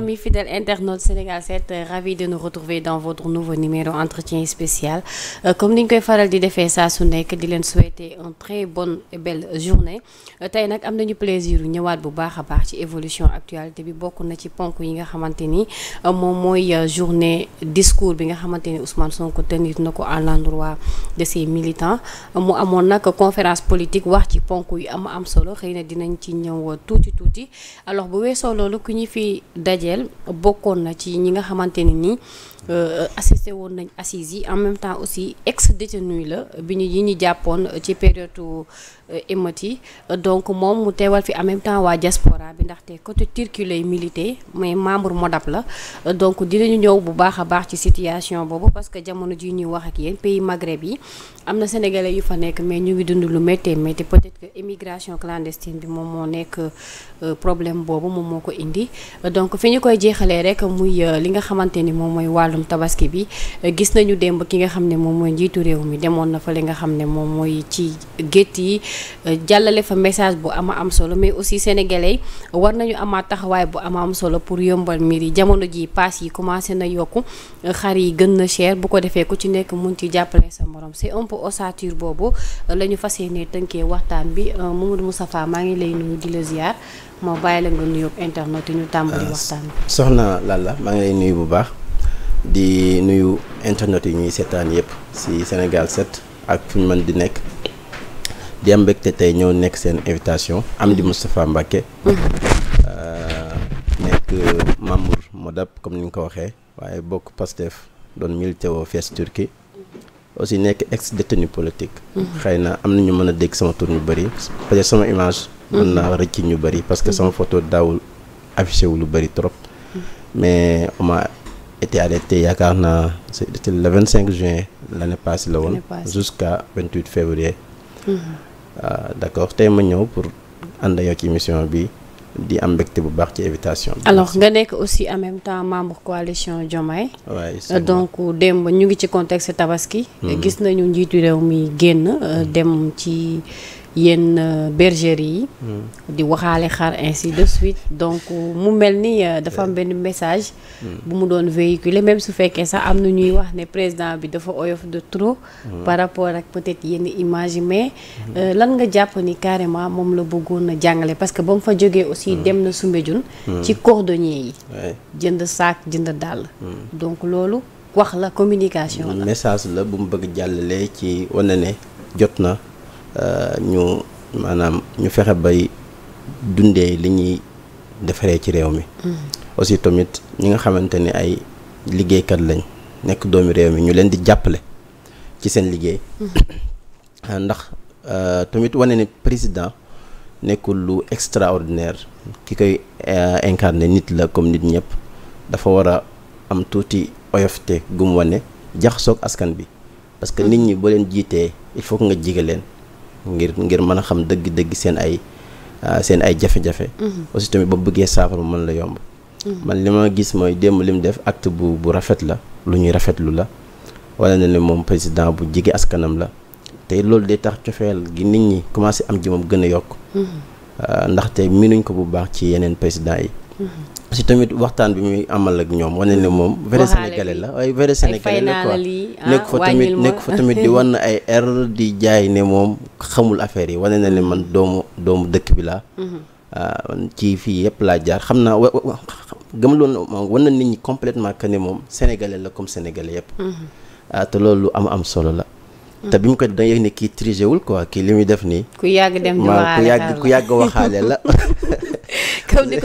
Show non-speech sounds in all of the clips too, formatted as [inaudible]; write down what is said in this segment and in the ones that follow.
amis fidèles internautes Sénégal 7 euh, ravi de dans votre nouveau numéro entretien spécial euh, comme ni ñu koy faral di defee saa su nekk di leen souhaiter une très bon et belle journée euh, tey nag am nañu plaisir ñëwaat bu baax a baax ci évolution actualité bi bokk na ci ponk yi nga xamante ni moom mooy journée discours bi nga xamante ni Ousmane Sonko tenir na ko à l'endroit de ses militants mu amoon nag conférence politique wax ci ponk yu am am solo xëy na dinañ ci ñëw tuuti tuuti Gabriel bokkoon na ci ñi nga xamante ni nii Euh, assisté woon nañ assises yi en même temps aussi ex détenu la bi ñu yi ñu jàppoon euh, ci période euh, émeute yi donc moom mu teewal fi en même temps waa diaspora bi ndaxte côté Turquie lay milité mais membre MODAP la donc dinañu ñëw bu baax a baax ci situation boobu parce que jamono ji ñuy wax ak yéen pays Maghreb yi am na sénégalais yu fa nekk mais ñu ngi dund lu méttee métti peut-être que immigration clandestine bi moom moo nekk problème boobu moom moo ko indi wàllum tabaski bi gis nañu démb ki nga xam ne moom mooy njiitu réew mi demoon na fa li nga xam ne moom mooy ci gétt yi jàllale fa message bu ama am solo mais aussi sénégalais war nañu amaat taxawaay bu ama am solo pour yombal miir yi jamono ji paas yi commencé na yokku xar yi gën na cher bu ko defee ko ci nekk mun ci jàppale sa morom c'est un peu boobu lañu ñu fas yéenee tënkee waxtaan bi euh, Mamadou Moustapha maa ngi lay nuyu di la ziar moo bàyyi la nga nuyoog internet yi ñu tàmbali euh, di nuyu internet yi ñuy seetaan yëpp si Sénégal set ak fu ñu mën di nekk di am mbégte tey ñëw nekk seen invitation Amdy Moustapha Mbacké euh, nekk membre Modab comme ni ñu ko waxee waaye bokk Pastef doon milité woo Fès Turquie aussi nekk ex détenu politique. xëy na am na ñu mën a dégg sama tur ñu bëri peut-être sama image. mën naa rëcc ñu bëri parce que sama photo daawul affiché wu lu bëri trop. mais été arrêté yaakaar naa c'était le 25 juin l'année passée la woon jusqu'à 28 février waaw mmh. uh, ah, d'accord tey ma ñëw pour ànd ak yow ci émission bi di am mbégte bu baax ci invitation bi. alors nga nekk aussi en même temps membre coalition Diomaye. Ouais, euh, donc démb ñu ngi ci contexte tabaski. Mhm. gis nañu njiitu réew mi génn euh, mhm. dem ci. yenn euh, bergerie yi. Hmm. di waxaale xar ainsi de suite donc mu mel ni euh, dafa am benn message. Hmm. bu mu doon véhiculer même su fekkee sax am na ñuy wax ne président bi dafa oyof de trop. Hmm. par rapport ak peut-être yenn image yi mais. Euh, lan nga jàpp ni carrément moom la bëggoon a jàngale parce que ba mu fa jógee aussi dem na Soumbédioune. ci cordonnier yi. jënd saak jënd dàll. donc loolu wax la communication la. message la bu mu bëgg jàllale ci wane ne jot na. Euh, ñu maanaam ñu fexe bay dundee li ñuy defaree ci réew mi. Mm. aussi tamit ñi nga xamante ni ay liggéeykat lañ nekk doomi réew mi ñu leen di jàppale ci seen liggéey. Mm-hmm. Euh, ndax euh, tamit wane ni président nekkul lu extraordinaire ki koy incarné nit la comme nit ñëpp dafa war a am tuuti oyofte gum wane jaxasoog askan bi. parce que mm. nit ñi baleen jiitee il faut nga jige leen. ngir ngir mën a xam dëgg-dëgg seen ay ah, seen ay jafe-jafe. Mhm. aussi tamit ba bëggee saafara mën la yomb. Mhm. man li ma gis mooy démb li mu def acte bu bu rafet la lu ñuy rafetlu la wala na ne moom président bu jege askanam la tey loolu day tax cofeel gi nit ñi commencé am ji moom gën a yokk. Mhm. Ah, ndaxte miinuñ ko bu baax ci yeneen président yi. si tamit waxtaan bi muy amal ak ñoom wane ne moom vrai sénégalais la waaye vrai sénégalais la quoi ah, nekk fa tamit nekk fa tamit di wan ay erreur di jaay ne moom xamul affaire yi wane na ne man doomu doomu dëkk bi laa mhm. ah, ci fii yëpp laa jaar xam naa wa gëmaloon wan na nit ñi complètement que ne moom sénégalais la comme sénégalais yëpp mhm. ah, te loolu am am solo la te bi mu ko da yëg ne kii triché wul quoi kii li muy def nii. ku yàgg dem di waxaale ku yàgg ku yàgg waxaale la. [laughs] ko di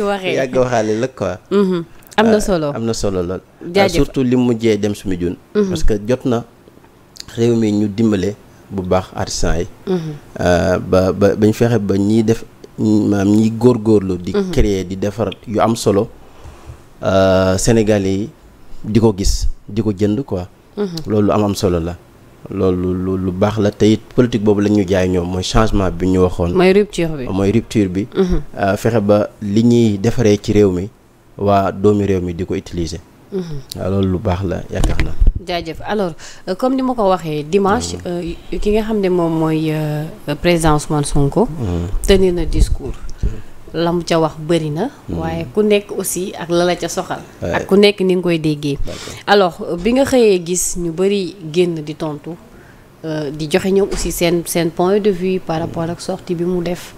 waxee. ku mm-hmm. am na solo ah, am na solo lool. Ah, surtout li mu mujjee dem suñu jun. Mm-hmm. que jot na réew mi ñu dimbale bu baax artisans yi. Mm-hmm. Ah, ba ba bañ fexe ba ñiy def maam góor góorgóorlu. di créer di defar yu am solo sénégalais yi di ko gis di ko jënd quoi. loolu am am solo la. loolu lu lu baax la te it politique boobu la ñu jaay ñoom mooy changement bi ñu waxoon. mooy rupture bi mooy rupture bi. Mhm. Euh, fexe ba li ñuy defaree ci réew mi waa doomi réew mi di ko utiliser. Mhm. waaw loolu lu baax la yaakaar na jaajëf alors euh, comme ni ma ko waxee dimanche mhm. euh, ki nga xam ne moom mooy euh, président Ousmane Sonko. tenir na discours. la mu ca wax bëri na. Hmm. waaye ku nekk aussi ak lala ca soxal. ak ku nekk ni nga koy déggee. alors euh, bi nga xëyee gis ñu bëri génn di tontu euh, di joxe ñoom aussi seen seen point de vue par hmm. rapport ak sortie bi mu def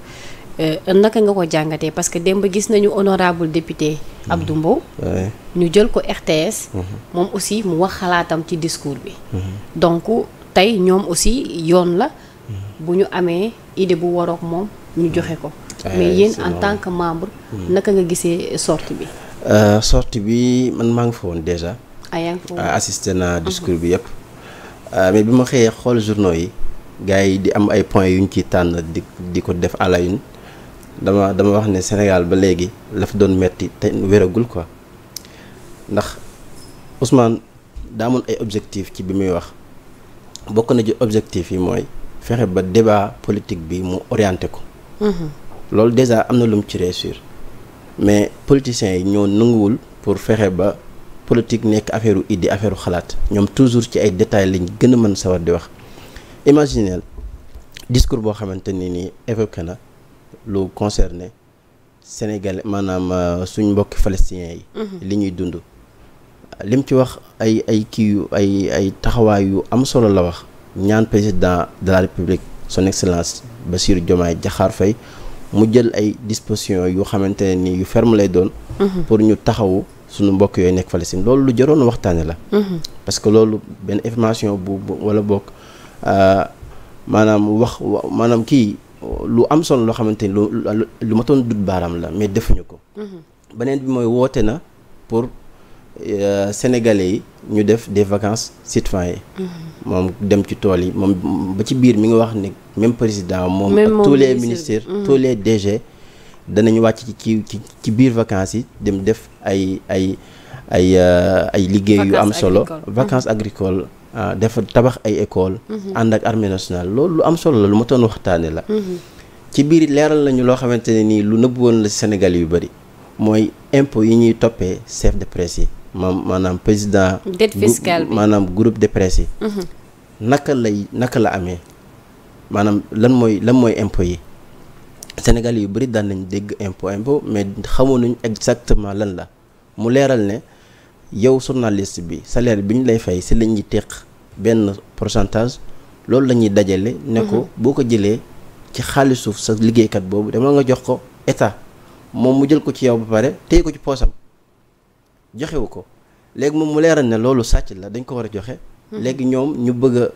euh, naka nga ko jàngatee parce que démb gis nañu honorable député hmm. Abdou Mbow. ñu jël ko RTS. moom aussi mu wax xalaatam ci discours bi. donc tey ñoom aussi yoon la. bu ñu amee idée bu warook moom ñu joxe ko. mais yéen en tant que membre. Hmm. naka nga gisee sortie bi. Euh, sorti bi man maa ngi fa woon déjà. ah yaa ngi euh, assisté naa hmm. discours bi yëpp. Euh, mais bi ma xëyee xool journaux yi gars yi di am ay point yu ñu ci tànn di di ko def à la dama dama wax ne Sénégal ba léegi laf fa doon metti te wéragul ko ndax Ousmane daa amoon ay objectif ci bi muy wax bokk na ci objectif yi mooy fexe ba débat politique bi mu orienté ko. Hmm. loolu déjà am na lu mu ci réussir mais politiciens yi ñoo nanguwul pour fexe ba politique nekk affaire u idée affaire xalaat ñoom toujours ci ay détails lañ gën a mën sawar di wax imaginez discours boo xamante ni nii évoqué na lu concerné Sénégal maanaam euh, suñ mbokki palestiniens yi mhm. li ñuy dund lim ci wax ay ay kii yu ay ay taxawaay yu am solo la wax ñaan président de la république son excellence Bassirou jomaa Diakhar fay mu jël ay dispositions yu xamante ne ni yu ferme lay doon. Mhm. pour ñu taxawu suñu mbokk yooyu nekk si loolu lu jaroon waxtaane la. Mhm. parce que loolu benn information bu wala bokk euh, maanaam wax maanaam kii lu am solo loo xamante ni lu lu matoon dut baaraam la mais defuñu ko. Mhm. beneen bi mooy woote na pour. Euh, sénégalais yi ñu def des vacances citoyennes mm-hmm. moom dem ci tool yi moom ba ci biir mi nga wax ne même président moom ak tous les ministères mm-hmm. tous les DG danañu wàcc ci ci ci biir vacances yi dem def ay ay ay euh, ay liggéey yu am solo vacances mm-hmm. agricoles ah, dafa tabax ay école ànd ak armée nationale loolu lu am solo la lu ma doon waxtaane la ci biir leeral nañu loo xamante ne nii lu nëbb woon la Sénégal yu bëri mooy impôt yi ñuy toppee chef de presse yi maam maanaam président. dette fiscale bi maanaam groupe de presse yi. Mhm. naka lay naka la amee maanaam lan mooy lan mooy impôt yi Sénégal yu bëri daan nañ dégg impôt impôt mais xamoon nañ exactement lan la mu leeral ne yow journaliste bi salaire bi ñu lay fay si la ñuy teq benn pourcentage loolu lañuy dajale. ne ko mhm. boo ko jëlee ci xaalis suuf sa liggéeykat boobu dama nga jox ko état moom mu jël ko ci yow bu pare téye ko ci poosam. joxewu ko léegi moom mu leeral ne loolu sàcc la dañ ko war a joxe. Mhm. léegi ñoom ñu bëgg a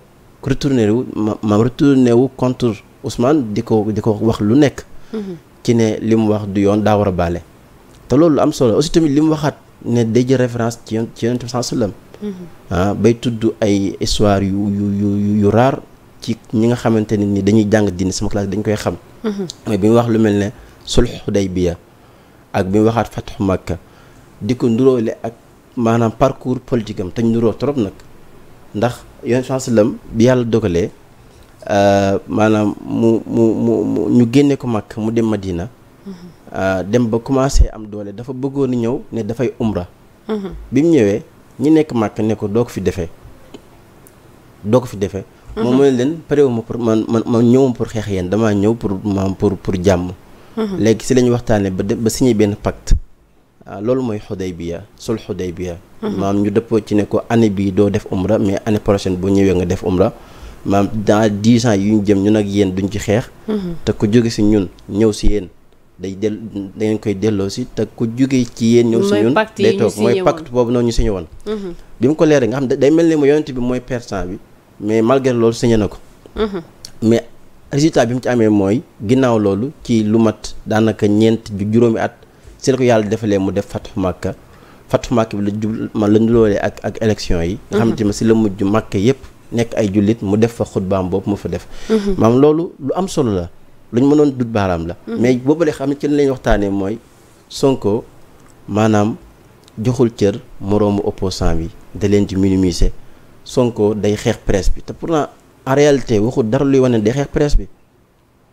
retourner wu ma ma retourner wu contre Ousmane di ko di ko wax lu nekk. Mhm. ci ne li mu wax du yoon daa war a baale. te loolu lu am solo aussi tamit li mu waxaat ne day jël référence ci yoon ci yonent bi sallam mhm. ah bay tudd ay histoire yu yu yu yu raar ci ñi nga xamante ne ni dañuy jàng diine sama classe dañ koy xam. mooy bi mu wax lu mel ne sulh Hudaybiya ak bi mu waxaat fathu Makka. di ko nduróole ak maanaam parcours politique am te ñu nuroo trop nag ndax yoon sallam bi yàlla dogalee euh, maanaam mu mu mu mu ñu génne ko mag mu dem ma Madina mm-hmm. euh, dem ba commencé am doole dafa bëggoon ñëw ne dafay umra mm-hmm. bi mu ñëwee ñu nekk màkk ne ko doo ko fi defee doo ko fi defee mm-hmm. moom mu ne leen paréwuma pour ma ma man ñëwuma pour xeex yéen dama ñëw pour maam pour pour jàmm léegi si la ñu waxtaanee ba de ba signé benn pacte Ah, loolu mooy xudaybiya sul xudaybiya mhm. maam ñu dëppoo ci ne ko année bii doo def umra mais année prochaine bu ñëwee nga def umra maam dans dix ans yu ñu jëm ñun ak yéen duñ ci xeex mhm. te ku jóge si ñun ñëw si yéen day da ngeen koy delloo si te ku jóge ci yéen ñëw si ñun day toog mooy pacte boobu noonu ñu signé woon mhm. bi mu ko leeree nga xam day mel ni mu yonent bi mooy persan bi mais malgré loolu signé na ko mais résultat bi mu ci amee mooy ginnaaw loolu ci si la ko yàlla defalee mu def fatu màkka fatu màkka bi la jub man la nduloolee ak ak élection yi nga xamante ma si la mujj màkka yëpp nekk ay jullit mu def fa xutbaam boobu mu fa def mhm. maam loolu lu am solo la lu luñ mënoon dut baaraam la mhm. mais boobale xam ne ci lañ waxtaanee mooy Sonko maanaam joxul cër moroomu opposant bi da leen di minimiser Sonko day xeex presse bi te pour pourtant en réalité waxul dara luy wane day xeex presse bi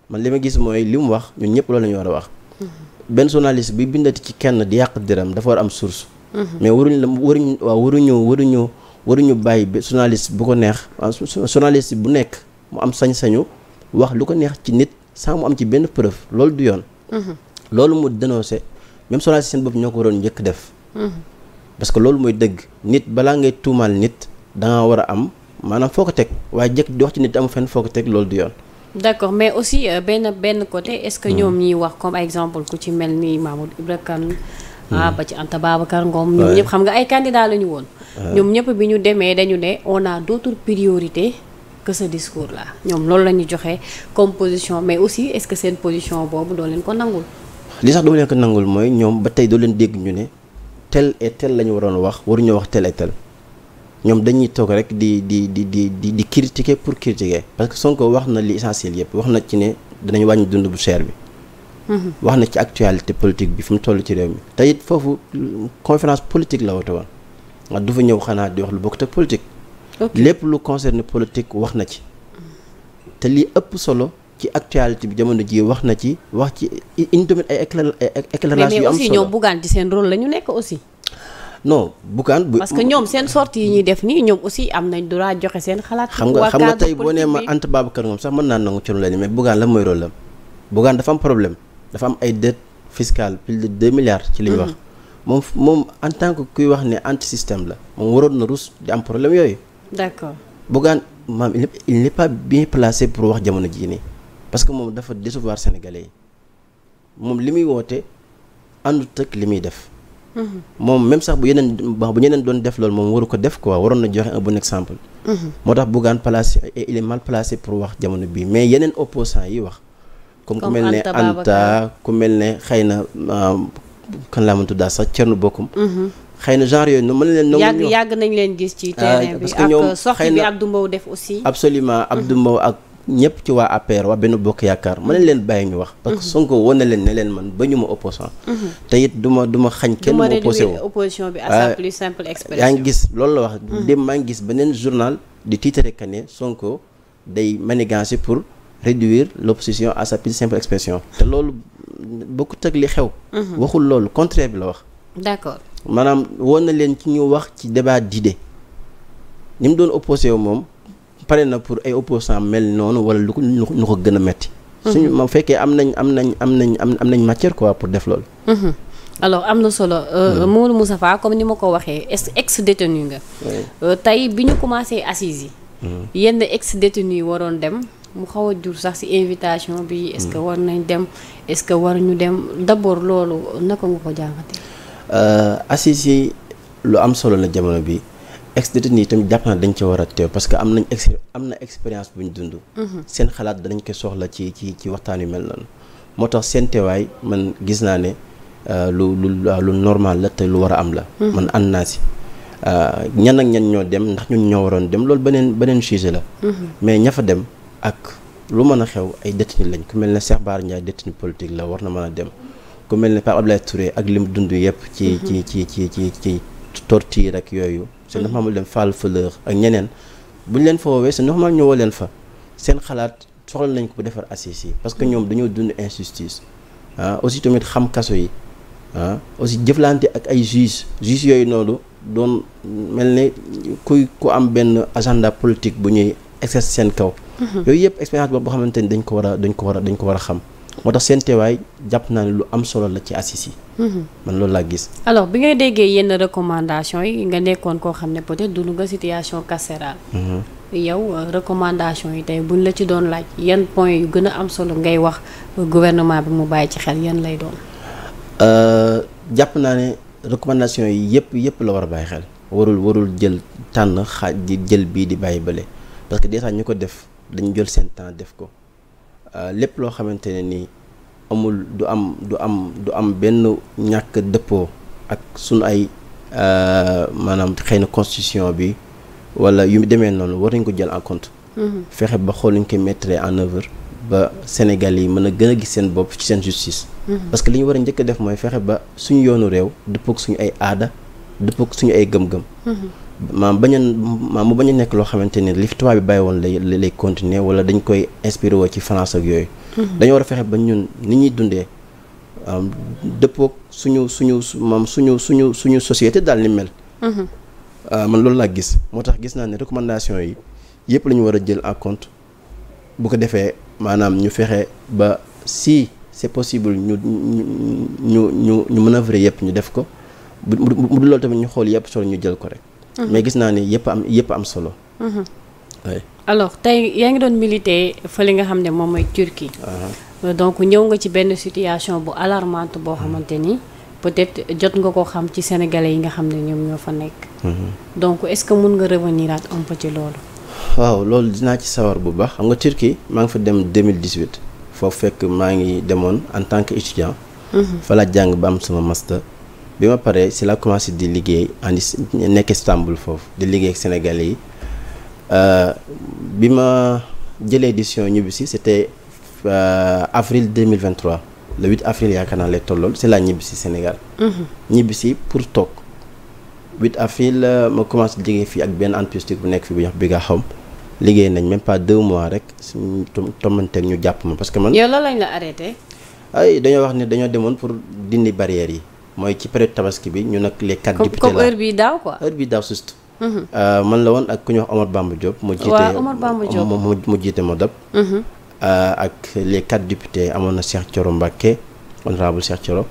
man li ma gis mooy li mu wax ñun ñëpp loolu la war a wax mhm. benn journaliste bi bindati ci kenn di yàq diram dafa war am source. Mhm. mais waruñ la waruñ waaw waruñu waruñu waruñu bàyyi ba journaliste bu ko neex journaliste bu nekk mu am sañ-sañu wax lu ko neex ci nit sans mu am ci benn preuve loolu du yoon. Mhm. loolu mu dénoncé même journaliste seen bopp ñoo ko waroon njëkk def. Mhm. parce que loolu mooy dëgg nit balaa ngay tuumaal nit da war a am maanaam foo ko teg waaye jëkk di wax ci nit amu fenn foo ko teg loolu du yoon. d'accord mais aussi euh, benn benn côté est-ce que ñoom mm. ñiy wax comme exemple ku ci mel ni Mamadou Ibra Kane mm. ah ba ci Anta Babacar Ngom ñoom ñëpp xam nga ay candidats la ñu woon ñoom ñëpp bi ñu demee dañu ne on a d'autres priorités que ce discours la ñoom loolu la ñu joxe comme position mais aussi est-ce que seen position boobu doo leen ko nangul li sax duma leen ko nangul mooy ñoom ba tey doo leen dégg ñu ne tel et tel la ñu waroon wax waruñoo wax tel et tel ñoom dañuy toog rek di di di di di di critiquer pour critiquer parce que Sonko wax na li essentiel yëpp wax na ci ne dinañu wàññi dund bu cher bi. Mhm. wax na ci actualité politique bi fi mu toll ci réew mi te it foofu conférence politique la woote woon nga du fa ñëw xanaa di wax lu bokk te politique. lépp lu concerne politique wax na ci. te lii ëpp solo ci actualité bi jamono ji wax na ci wax ci indi tamit ay éclairage yu am solo mais aussi ñoom Bougane ci seen rôle la ñu nekk aussi. non Bougane bu parce que ñoom seen sortie yi ñuy def nii ñoom aussi am nañ droit joxe seen xalaat. xam nga xam tey boo nee ma Anta Babacar Ngom sax mën naa nangu ci lu la ni mais Bougane la mooy rôle dafa am problème dafa am ay dette fiscale plus de 2 milliards. ci li ñu wax mhm. moom moom en tant que kuy wax ne anti système la moom waroon na rus di am problème yooyu. d'accord Bougane maam il n'est pas bien placé pour wax jamono jii nii parce que moom dafa décevoir sénégalais yi moom li muy woote àndut li muy def. moom même sax bu yeneen bu ñeneen doon def loolu moom waru ko def quoi waroon na joxe un bon exemple. Mhm. moo tax Bougane placé il est mal placé pour wax jamono bii mais yeneen opposants yi wax. comme ku mel ne Anta ku mel ne xëy na euh, kan sax Thierno Bocoum. Mhm. xëy na genre yooyu yàgg yàgg leen gis ci ah, terrain bi. ak soxna bi Abdou Mbow def absolument Abdou mhm. Mbow ak. ñëpp ci waa APR waa benn bokk yaakaar ma ne leen bàyyi ñu wax. parce que mhm. Sonko wane na leen ne leen man ba ñu ma opposant. Mhm. te it du ma xañ kenn mu opposé bi à ah, sa plus simple expression. yaa ngi gis loolu la wax. dem mhm. maa ngi gis beneen journal di titre que ne Sonko day manigancé pour réduire l' opposition à sa plus te loolu bokk ak li xew. waxul loolu contraire bi la wax. d' accord maanaam woon na leen ci ñu wax ci débat d' idée ni mu doon opposé wu moom. pare na pour ay opposants mel noonu wala lu ko lu ko gën a metti suñu ma fekkee am nañ am nañ am nañ am nañ matière quoi pour def loolu mhm. alors am na solo euh, Modou mhm. Moustapha comme ni ma ko waxee ex détenu nga euh, tey bi ñu commencé assises yi mhm. yenn ex détenu yi waroon dem mu xaw a jur sax ci invitation bi est-ce que war nañ dem est-ce que war ñu dem d'abord loolu naka nga ko jàngate euh, assises yi lu am solo la jamono bi ex détenu yi tamit jàpp naa dañ ci war a teew parce que am nañ ex am na expérience bu ñu dund. Mhm. seen xalaat danañ koy soxla ci ci ci waxtaan yu mel noonu. moo tax seen teewaay man gis naa ne euh, lu lu lu normal la te lu war a am la. Mhm. man ànd naa si. Euh, ñan ak ñan ñoo dem ndax ñun ñoo waroon dem loolu beneen beneen sujet la. Mhm. mais ña fa dem ak lu mën a xew ay détenu lañ ku mel ne Cheikh Bara Ndiaye détenu politique la war na mën a dem ku mel ne Pape Abdoulaye Touré ak li dund yëpp. ci ci ci ci ci ci. tortille rek yooyu c'est mm-hmm. normal mu dem Fall Fleur ak ñeneen bu ñu leen fa woowee c'est normal ñëwoo leen fa seen xalaat soxla nañ ko bu defar assises yi parce que ñoom mm-hmm. dañoo dund injustice ah aussi tamit xam kaso yi ah aussi jëflante ak ay juges juges yooyu noonu doon mel ni kuy ku am benn agenda politique bu ñuy exercer seen kaw. Mm-hmm. yooyu yëpp expérience boobu boo xamante dañ ko war dañ ko war dañ ko war a xam. moo tax seen teewaay jàpp naa ne lu am solo la ci assise yi. Mhm. man loolu laa gis. alors bi ngay déggee yenn recommandations yi nga nekkoon koo xam ne peut-être dund nga situation carcérale. Mhm. yow euh, recommandation yi tey buñ la ci doon laaj yan point yu gën a am solo ngay wax euh, gouvernement bi mu bàyyi ci xel yan lay doon. Euh, jàpp naa ne recommandation yi yëpp yëpp la war a bàyyi xel. warul warul jël tànn di jël bii di bàyyi bële parce que déjà ñu ko def dañu jël seen temps def ko. Euh, lépp loo xamante ne nii amul du am du am du am benn ñàkk dëppoo ak sunu ay euh, maanaam xëy na constitution bi wala yu demee noonu war nañ ko jël en compte. Mhm. fexe ba xool ñu koy mettre en œuvre ba Sénégal yi mën a gën a gis seen bopp ci seen justice. Mhm. parce que li ñu war a njëkk a def mooy fexe ba suñu yoonu réew dëppoo ak suñu ay aada dëppoo ak suñu ay gëm-gëm. Mhm. maam bañ a maam mu bañ nekk loo xamante ni li fi tubaab bi bàyyi woon lay lay continuer wala dañ koy inspiré woo ci France ak yooyu. Mhm. dañoo war a fexe ba ñun ni ñuy dundee dëppoo suñu suñu maam suñu suñu suñu société daal ni mel. Mhm. Ah, man loolu laa gis moo tax gis naa ne recommandation yi yëpp la war a jël en compte bu ko defee maanaam ñu fexe ba si c'est possible ñu ñu ñu ñu a manoeuvrer yëpp ñu def ko bu bu loolu tamit ñu xool yëpp solo ñu jël ko rek. Mhm. mais gis naa ni yëpp am yëpp am solo. Mhm. alors tey yaa ngi doon militer fa li nga xam ne moom mooy Turquie. Uh-huh. donc ñëw nga ci benn situation bu alarmante boo xamante ni peut-être jot nga ko xam ci sénégalais yi nga xam ne ñoom ñoo fa nekk. Mhm. donc est-ce que mun nga revenir at un peu ci loolu. waaw loolu dinaa ci sawar bu baax xam nga Turquie maa ngi fa dem 2018 foofu fekk maa ngi demoon en tant que étudiant. fa jàng ba am sama master. bi ma paree si la commencé di liggéey andi nekk Istanbul foofu di liggéey ak Sénégalais yi euh, bi ma jëlee édition ñibbisi c'était euh, avril 2023 le 8 avril yaakaar naa lay tollool si laa ñibbisi Sénégal. Mhm. ñibbisi pour toog 8 avril euh, ma commencé liggéey fii ak benn entreprise bu nekk fii bu ñuy wax Biga Home liggéey nañ même pas deux mois rek suñu tombanteeg ñu jàpp ma parce que man. yow loolu la arrêté. ay dañoo wax ne dañoo demoon pour dindi barrières yi. mooy ci période tabaski bi ñu nag les quatre députés la heure bi daaw bi daaw juste mhm. euh, man la woon ak ku ñuy wax Omar Bamba Diop mu jiite Omar Bamba Diop mu jiite Modap mhm. euh, amoon na Cheikh Thioro Mbacké honorable Cheikh Thioro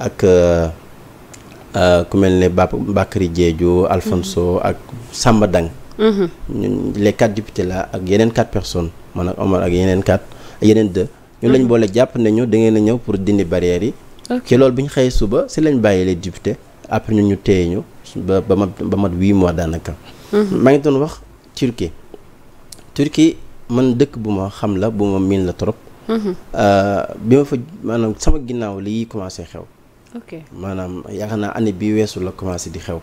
ak euh, ku mel ne Ba Bakary Diédhiou Alfonso mhm. ak Samba Dang ñun les la ak yeneen quatre personnes man ak Omar ak yeneen quatre yeneen deux ñun lañ boole jàpp ne ñu da ngeen ñëw pour dindi barrières yi ci loolu bi ñu xëyee suba si lañ bàyyi les députés après ñun ñu téye ñu ba ba mat ba mat huit mois daanaka. Mhm. maa ngi doon wax Turquie Turquie man dëkk bu ma xam la bu ma miin la trop. Mhm. Euh, bi ma fa maanaam sama ginnaaw lii commencé xew. ok maanaam yaakaar naa année bi weesu la commencé di xew.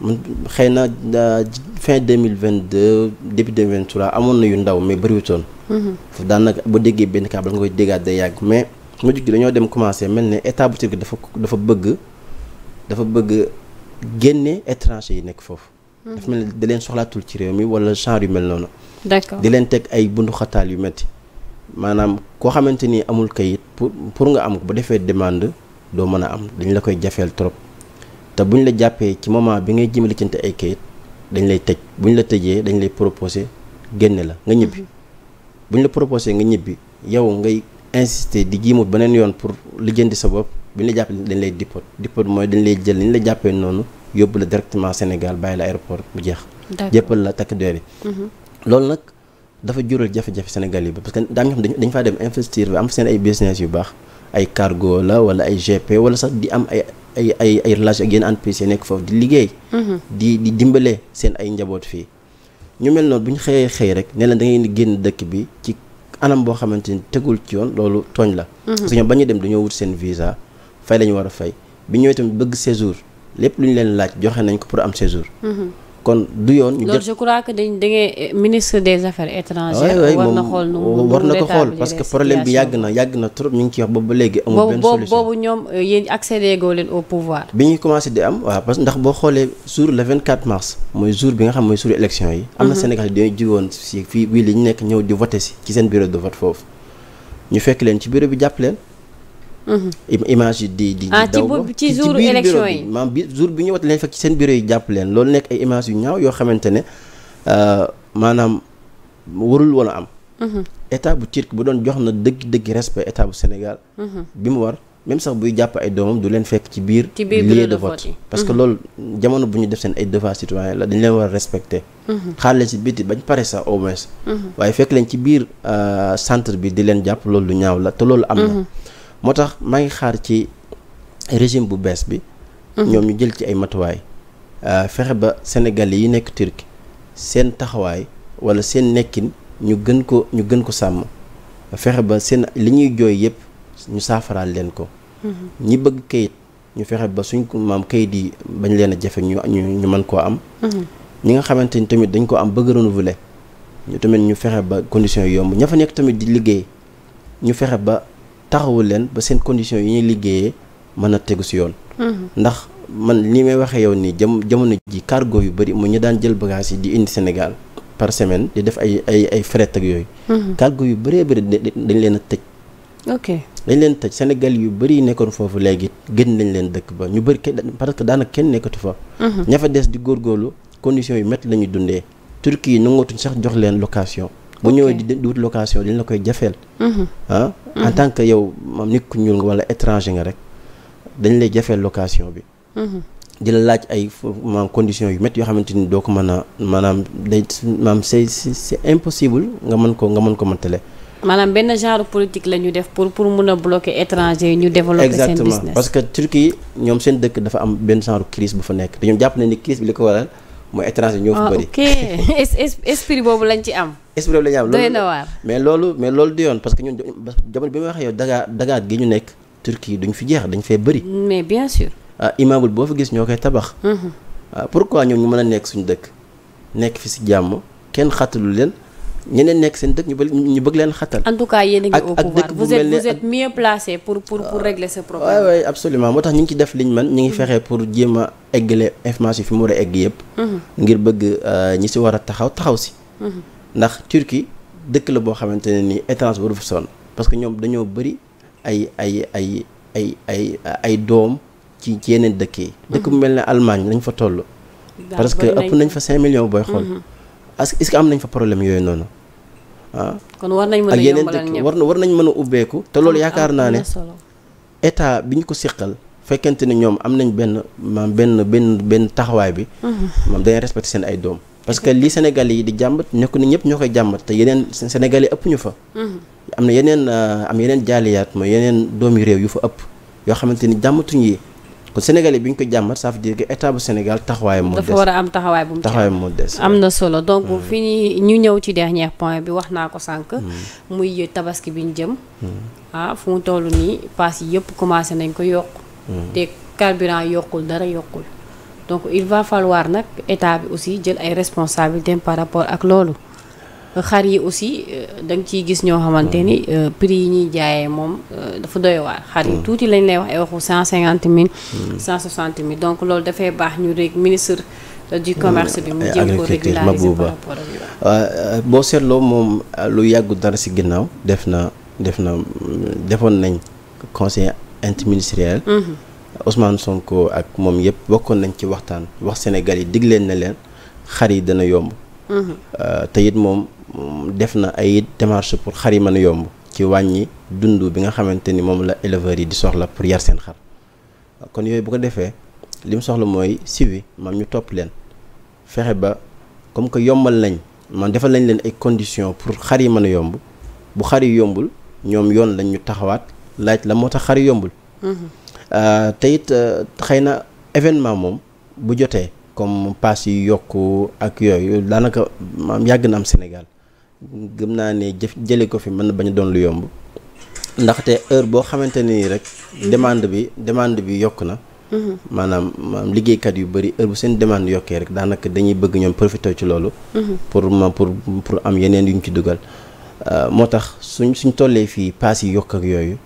man xëy na euh, fin deux mille vingt deux début deux mille vingt trois amoon na yu ndaw mais bëriwutoon. Mhm. daanaka boo déggee benn kaa nga koy déggaat day yàgg mujj gi dañoo dem commencé mel ne état bu gi dafa dafa bëgg dafa bëgg génne étranger yi nekk foofu. Mhm. dafa mel ni da leen soxlaatul ci réew mi wala genre yu mel noonu. d'accord di leen teg ay bundu xataal yu metti maanaam koo xamante ni amul kayit pour pour nga am ko bu defee demande doo mën a am dañ la koy jafeel trop te buñ la jàppee ci moment bi ngay jëmale ci ay kayit dañ lay tëj buñ la tëjee dañ lay proposé génne la nga ñibbi mhm. buñ la proposé nga ñibbi yow ngay. insister di giimut beneen yoon pour lijjanti sa bopp bi ñu la jàppee dañ lay dipot dipot mooy dañ lay jël li ñu noonu yóbbu la directement Sénégal bàyyi la aéroport bu jeex. jëppal la takk der yi. Mhm. loolu nag dafa jural jafe-jafe Sénégal yi parce que daan nga xam dañ faa dem investir ba am seen ay business yu baax ay cargo la wala ay GP wala sax di am ay ay ay ay relation ak yenn entreprise yi nekk foofu di liggéey. Mhm. di di dimbale seen ay njaboot fii. ñu mel noonu bu ñu xëyee xëy rek ne leen da ngeen di génn dëkk bi ci. anam boo xamante ni tegul ci yoon loolu tooñ la. Mhm. parce que ñoom ba ñuy dem dañoo wut seen visa fay la ñu war a fay bi ñëwee tamit bëgg séjour lépp lu ñu leen laaj joxe nañ ko pour am séjour. Mhm. kon du yoon. ñu jot loolu je crois que dañ da eh, ministre des affaires étrangères. war na xool war na ko xool parce que problème bi yàgg na yàgg na trop ñu ngi ci wax boobu ba léegi. amul benn solution boobu ñoom eh, yéen accédé goo leen au pouvoir. bi ñu commencé di am waaw parce que ndax boo xoolee jour le 24 mars mooy jour bi nga xam mooy jour élection yi. am na mhm. Sénégal yi dañoo jógoon si fii wii li ñu nekk ñëw di voté si ci seen bureau de vote foofu ñu fekk leen ci bureau bi jàpp leen. image yi di di. Ah, daw ba ci jour élection yi maam bi jour bi ñu wat leen fekk ci seen bureau yi jàpp leen loolu nekk ay images yu ñaaw yoo xamante ne euh, maanaam warul woon am. Mhm. état bu Turquie bu doon jox na dëgg-dëgg respect état bu Sénégal. Mhm. bi mu war même sax buy jàpp ay doomam du leen fekk ci biir. ci biir lieu de vote parce que loolu jamono bu ñu def seen ay devoir citoyen la dañ leen war a respecté. Mhm. xaar leen si biti bañ pare sax au moins. waaye fekk leen ci biir euh, centre bi di leen jàpp loolu lu ñaaw la te loolu moo tax maa ngi xaar ci régime bu bees bi. Mhm. ñoom ñu jël ci ay matuwaay. Euh, fexe ba sénégalais yi nekk turki seen taxawaay wala seen nekkin ñu gën ko ñu gën ko sàmm fexe ba seen li ñuy jooy yëpp ñu saafaraal leen ko. Mhm. ñi bëgg kayit ñu fexe ba suñ ko maam kayit yi bañ leen a jafe ñu man koo am. Mhm. ñi nga xamante ni tamit dañ ko am bëgg renouveler ñu tamit ñu fexe ba conditions yi yomb ña fa nekk tamit di liggéey ñu fexe ba. taxawul leen ba seen conditions yi ñuy liggéeyee mën a tegu si yoon mhm. ndax man li may waxee yow nii jam jamono ji cargo yu bëri mu ñu daan jël bagage yi di indi Sénégal par semaine di def ay ay ay yooyu mhm. cargo yu bëree bëri dañ leen a tëj leen tëj Sénégal yu bëri nekkoon foofu léegi gën nañ leen dëkk ba ñu bëri parce que daanaka kenn nekkatu fa mhm. ña fa des di góorgóorlu conditions yu métti lañuy dundee Turquie yi nangootuñ sax jox leen location bu ñëwee di wut location dañ la koy jafeel. Mhm. ah en mhm. tant que yow moom nit ku ñuul nga wala étranger nga rek dañ lay jafeel location bi. Mhm. di la laaj ay maanaam condition yu métti yoo xamante ni doo ko mën a maanaam day maanaam c'est c'est impossible nga mën ko nga mën ko mëntale. maanaam benn genre politique la ñu def pour pour mun a bloquer étranger ñu développer seen business parce que Turquie ñoom seen dëkk dafa am benn genre crise bu fa nekk te ñoom jàpp na ni crise ko waral. mooy étranger ñoo fi ah, bëri. esprit boobu lañ ci am. esprit boobu lañ ci am loolu mais loolu mais loolu du yoon parce que ñun jamono bi ma waxee yow dagaa dagaa gi ñu nekk Turquie duñ fi jeex dañ fee bari mais bien sûr. ah boo fa gis ñoo koy tabax. Mhm. ah pourquoi ñoom ñu mën a nekk suñu dëkk nekk fi si jàmm kenn xattalu leen. ñeneen nekk seen dëkk ñu bëgg ñu bëgg leen xatal. en tout cas yéen a ngi pour ah. régler ce problème. waaw waaw absolument moo tax ñu ngi ci def liñ man ñu ngi mm-hmm. fexe pour jéem a eggale information fi mu war a egg yëpp. Mm-hmm. ngir bëgg euh, ñi si war a taxaw taxaw si. Mm-hmm. ndax Turquie dëkk la boo xamante ne nii étrange bu fa sonn parce que ñoom dañoo bëri ay ay ay ay ay ay doom ci ci yeneen dëkk yi. dëkk bu mel ne Allemagne lañ fa toll. parce que ëpp nañ fa 5 millions booy xool. est que am nañ fa problème yooyu noonu ah. kon war nañ mën a ak yeneen war war nañ mën a ubbeeku. te loolu yaakaar naa ne état bi ñu ko seqal. fekkente ne ñoom am nañ benn maam benn benn benn taxawaay bi. moom dañuy respecté seen ay doom. parce que lii Sénégalais yi di jàmbat nekk na ñëpp ñoo koy jàmbat te yeneen Sénégalais ëpp ñu fa. Mhm. am na yeneen ah, am yeneen jaaliyaat mooy yeneen doomi réew yu fa ëpp yoo xamante ni jàmbatuñ yi. kon sénégalee bi ñu ko jàmbat ça veut dire que état bu Sénégal taxawaay moo des war a taxawaay bu mu moo des am na solo donc hmm. fi ñu ñëw ci dernier point bi wax naa ko sànq hmm. muy tabaski bi ñu jëm hmm. ah fu mu toll nii paas yi yëpp commencé nañ ko yokk te carburant yokkul dara yokkul donc il va falloir nag état bi aussi jël ay responsabilités par rapport ak loolu xar yi aussi euh, da nga ciy gis ñoo xamante ni euh, prix yi ñuy jaaye moom euh, dafa doy waar xar yi mm. tuuti lañ lay wax ay waxu cent cinquante mille mm. cent soixante mille donc loolu dafay baax ñu rek ministre du commerce bi mu mm. jëm ko régulariser par boo seetloo moom lu yàggu dara si ginnaaw def na def na defoon nañ conseil interministériel mm-hmm. Ousmane Sonko ak moom yëpp bokkoon nañ ci waxtaan wax Sénégal yi dig leen ne leen xar yi dana yomb mm-hmm. te it moom def na ay démarches pour xar yi mën a yomb ci wàññi dund bi nga xamante ni moom la éleveurs yi di soxla pour yar seen xar kon yooyu bu ko defee li soxla mooy siwi maam ñu topp leen fexe ba comme que yombal nañ man defal nañ leen ay conditions pour xar yi mën a yomb bu xar yi yombul ñoom yoon lañ ñu taxawaat laaj la moo tax xar yi yombul. Mm-hmm. Euh, te it euh, xëy na événement moom bu jotee comme paas yi yokk ak yooyu daanaka maam yàgg na am Sénégal. gëm naa ne jëf jële ko fi mën na bañ doon lu yomb ndaxte heure boo xamante ne nii rek demande bi demande bi yokk na mhm. maanaam maanaam liggéeykat yu bëri heure bu seen demande yokkee rek daanaka dañuy bëgg ñoom profité ci loolu mhm. pour ma pour pour am yeneen yu ñu ci dugal euh, moo tax suñ suñ tollee fii paas yi yokk ak yooyu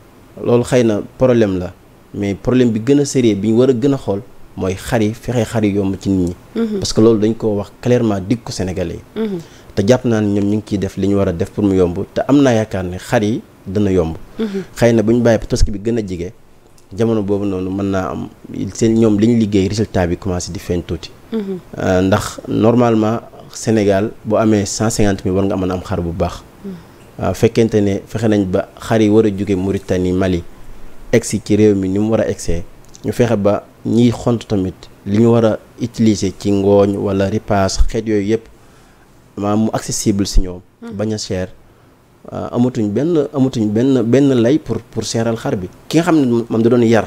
loolu xëy na problème la mais problème bi gën a sérieux bi ñu war a gën a xool mooy xar yi fexe xar yomb ci nit ñi mhm. parce que loolu dañ ko wax clairement dig ko sénégalais te jàpp naa ne ñoom ñu ngi ciy def li ñu war a def pour mu yomb te am naa yaakaar ne xar yi dana yomb. Mhm. xëy na bu ñu bàyyi tabaski bi gën a jige jamono boobu noonu mën naa am seen ñoom li ñu liggéey résultat bi commencé di feeñ mhm. euh, ndax normalement Sénégal bu amee cent cinquante mille war nga mën a am xar bu baax. Mhm. Euh, fekkente ne fexe nañ ba xar yi war a jóge Mauritanie Mali egsi ci réew mi ni mu war a egsee ñu fexe ba ñi xont tamit li ñu war a utiliser ci ngooñ wala ripaas xeet yooyu yëpp. maanaam mu accessible si ñoom. bañ a cher euh, amatuñ benn amatuñ benn benn lay pour pour seeral xar bi ki nga xam ne moom da doon yar.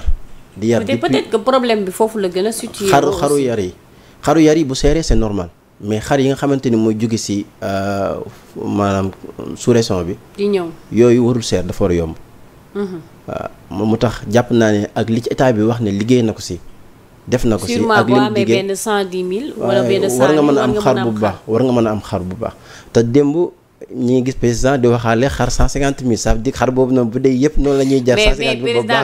di yar depuis peut-être problème bi foofu la gën a situé xaru xaru yar yi xaru yar yi bu seeree c'est normal mais xar yi nga xamante ni mooy jóge si euh, maanaam sous bi. di yooyu warul seer dafa war yomb. Mhm. waaw mu tax jàpp naa ne ak li ci état bi wax ne liggéey na ko si. def na ko si ak li mu diggee benn cent dix mille wala benn cent war nga mën a am xar bu baax war nga mën a am xar bu baax te démb ñi ngi gis président di waxaale xar cent cinquante mille ça veut boobu noonu bu dee yëpp noonu la ñuy jar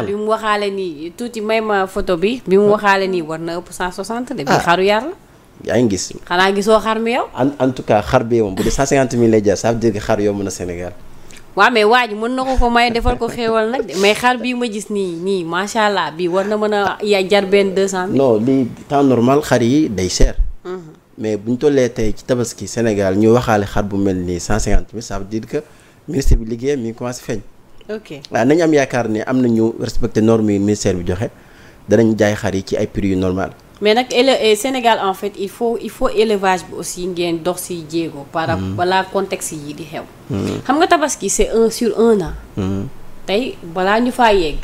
bi mu waxaale nii tuuti may ma photo bi bi mu waxaale nii war na ëpp cent soixante de bi ah. xaru yar la yaa ngi gis xanaa gisoo xar mi yow en en tout cas xar bi moom bu dee cent cinquante mille lay jar ça veut dire que xar yomb na Sénégal waaw mais waa ji mën na ko ko may defal ko xéewal nag mais xar bii ma gis nii nii macha allah bii war na mën a ya jar benn deux cent mille. non lii temps normal xar yi day cher. Mhm. mais bu ñu tollee tey ci tabaski Sénégal ñu waxaale xar bu mel nii cent cinquante mille que ministre bi liggéeyam mi ngi commencé feeñ. ok waaw nañu am yaakaar ne am nañu respecté normes yi ministère bi joxe danañ jaay xar yi ci ay prix yu normal. mais nag éle eh, Sénégal en fait il faut il faut élevage bi aussi ngeen dox si jéego. par rapport balaa mm-hmm. contexte yi di xew. Mm-hmm. xam nga tabaski c'est un sur un an. Mm-hmm. tey balaa ñu faa yegg.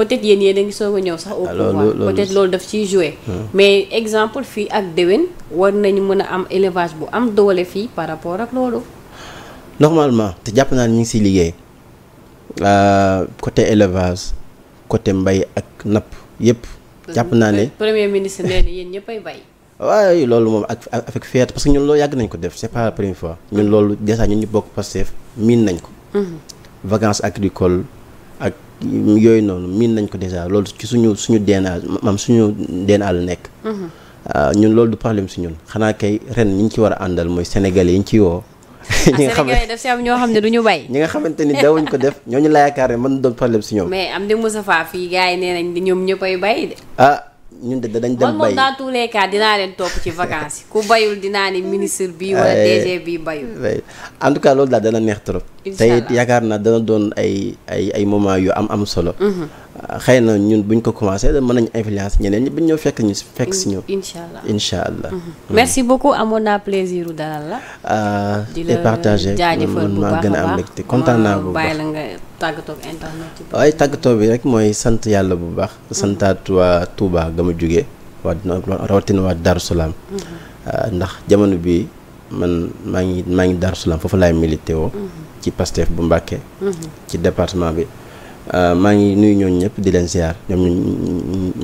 peut-être yéen yéen a ngi soog a ñëw sax au pouvoir peut-être loolu daf ciy jouer mais exemple fii ak déwén war nañu mën a am élevage bu am doole fii par rapport ak loolu. normalement te jàpp naa ne ñu ngi siy liggéey euh, côté élevage côté mbay ak napp yépp jàpp naa ne premier ministre nee na yéen ñëppay bay. [laughs] waaye loolu moom ak avec fierté parce que ñun loolu yàgg nañ ko def c'est pas la première fois. ñun loolu déjà ñun ñu bokk Pastef miin nañ ko. Mhm. vacances agricoles ak yooyu noonu miin nañ ko déjà loolu ci suñu suñu DNA maam suñu DNA nekk. Mhm. Ah, ñun loolu du problème si ñun xanaa kay ren ñi ñu ci war a àndal mooy sénégalais yi ñu ciy woo. [laughs] ñi nga xam ne daf si am ñoo xam ne du ñu bay ñi nga xamante ni dawuñ ko def ñooñu laa yaakaar ne mën doon problème si ñoom mais am di Moustapha fii gars yi nee nañ di ñoom ñëppay bay de ah ñun de dañ dem bay man moom dans tous les cas dinaa leen topp ci vacances yi ku bayul dinaa ni ministre bi wala DG en tout cas loolu daal dana neex trop te it yaakaar naa dana doon ay ay ay moment yu am am solo mhm. xëy na ñun buñ ko commencé mën nañu influence ñeneen ñi buñ ñoo fekk ñu fekk si ñu. Mm, incha allah incha mm-hmm. allah. Mm. merci beaucoup amoon naa plaisir dalal la. Ah, di la jaajëfal mm, bu baax a baax di la partagé man maa gën a am mbégte kontaan naa bu baax bàyyi la nga tàggatoo ak internet bi. waaye tàggatoo bi rek mooy sant yàlla bu baax. Mm-hmm. santaat waa Touba ga ma jógee waa rawatina waa Darou Salaam. Mm-hmm. Ah, ndax jamono bi man maa ngi maa ngi Darou Salaam foofu laay milité woo. ci Pastef bu Mbàkke. ci département bi. Euh, maa ngi nuyu ñooñu ñëpp di leen ziar ñoom ñu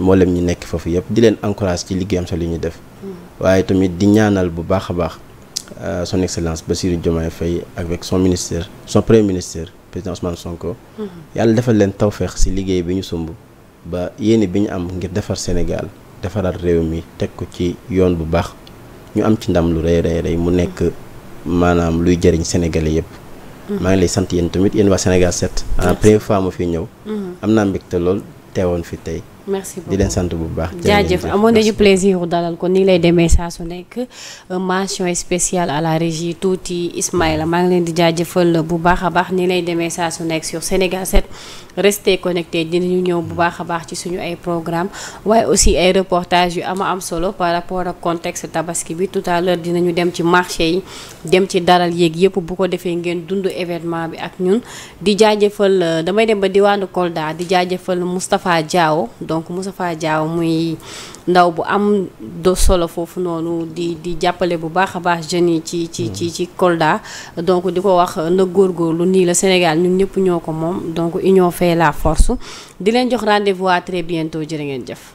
mboolem ñi nekk foofu yëpp di leen encourage ci liggéeyam sa li ñuy def mm. waaye tamit di ñaanal bu baax a baax euh, son excellence Bassirou Diomaye Faye avec son ministère son premier ministère président Ousmane Sonko. Mm-hmm. yàlla defal leen tawféex si liggéey bi ñu sumb ba yéene bi ñu am ngir defar Sénégal defaraat réew mi teg ko ci yoon bu baax ñu am ci ndam lu rëy rëy rëy mu nekk maanaam luy jëriñ Sénégalais yëpp. Mm-hmm. maa ngi lay sant yéen tamit yéen waa Sénégal 7. en première fois ma fi ñëw. Mm-hmm. am naa mbégte lool teewoon fi tey. merci beaucoup di leen sant bu baax. jaajëf amoon nañu plaisir dalal ko ni lay demee saa su nekk euh, mention spéciale à la régie tuuti Ismaïla maa ngi leen di jaajëfal bu baax a baax nii lay demee saa su nekk sur Sénégal 7 restez connectés dinañu ñëw bu baax a baax ci suñu ay programme waaye aussi ay reportages yu ama am solo par rapport ak contexte tabaski bi tout à l'heure dinañu dem ci marché yi dem ci daral yéeg yëpp bu ko defee ngeen dund événement bi ak ñun di jaajëfal euh, damay dem ba diwaanu Kolda di jaajëfal Moustapha Diaw. donc Moustapha Diaw muy ndaw bu am do solo foofu noonu di di jàppale bu baax a baax jeunes yi ci ci ci ci Kolda donc di ko wax na góorgóorlu nii la Sénégal ñun ñëpp ñoo ko moom donc union fait la force di leen jox rendez-vous à très bientôt jërë ngeen jëf.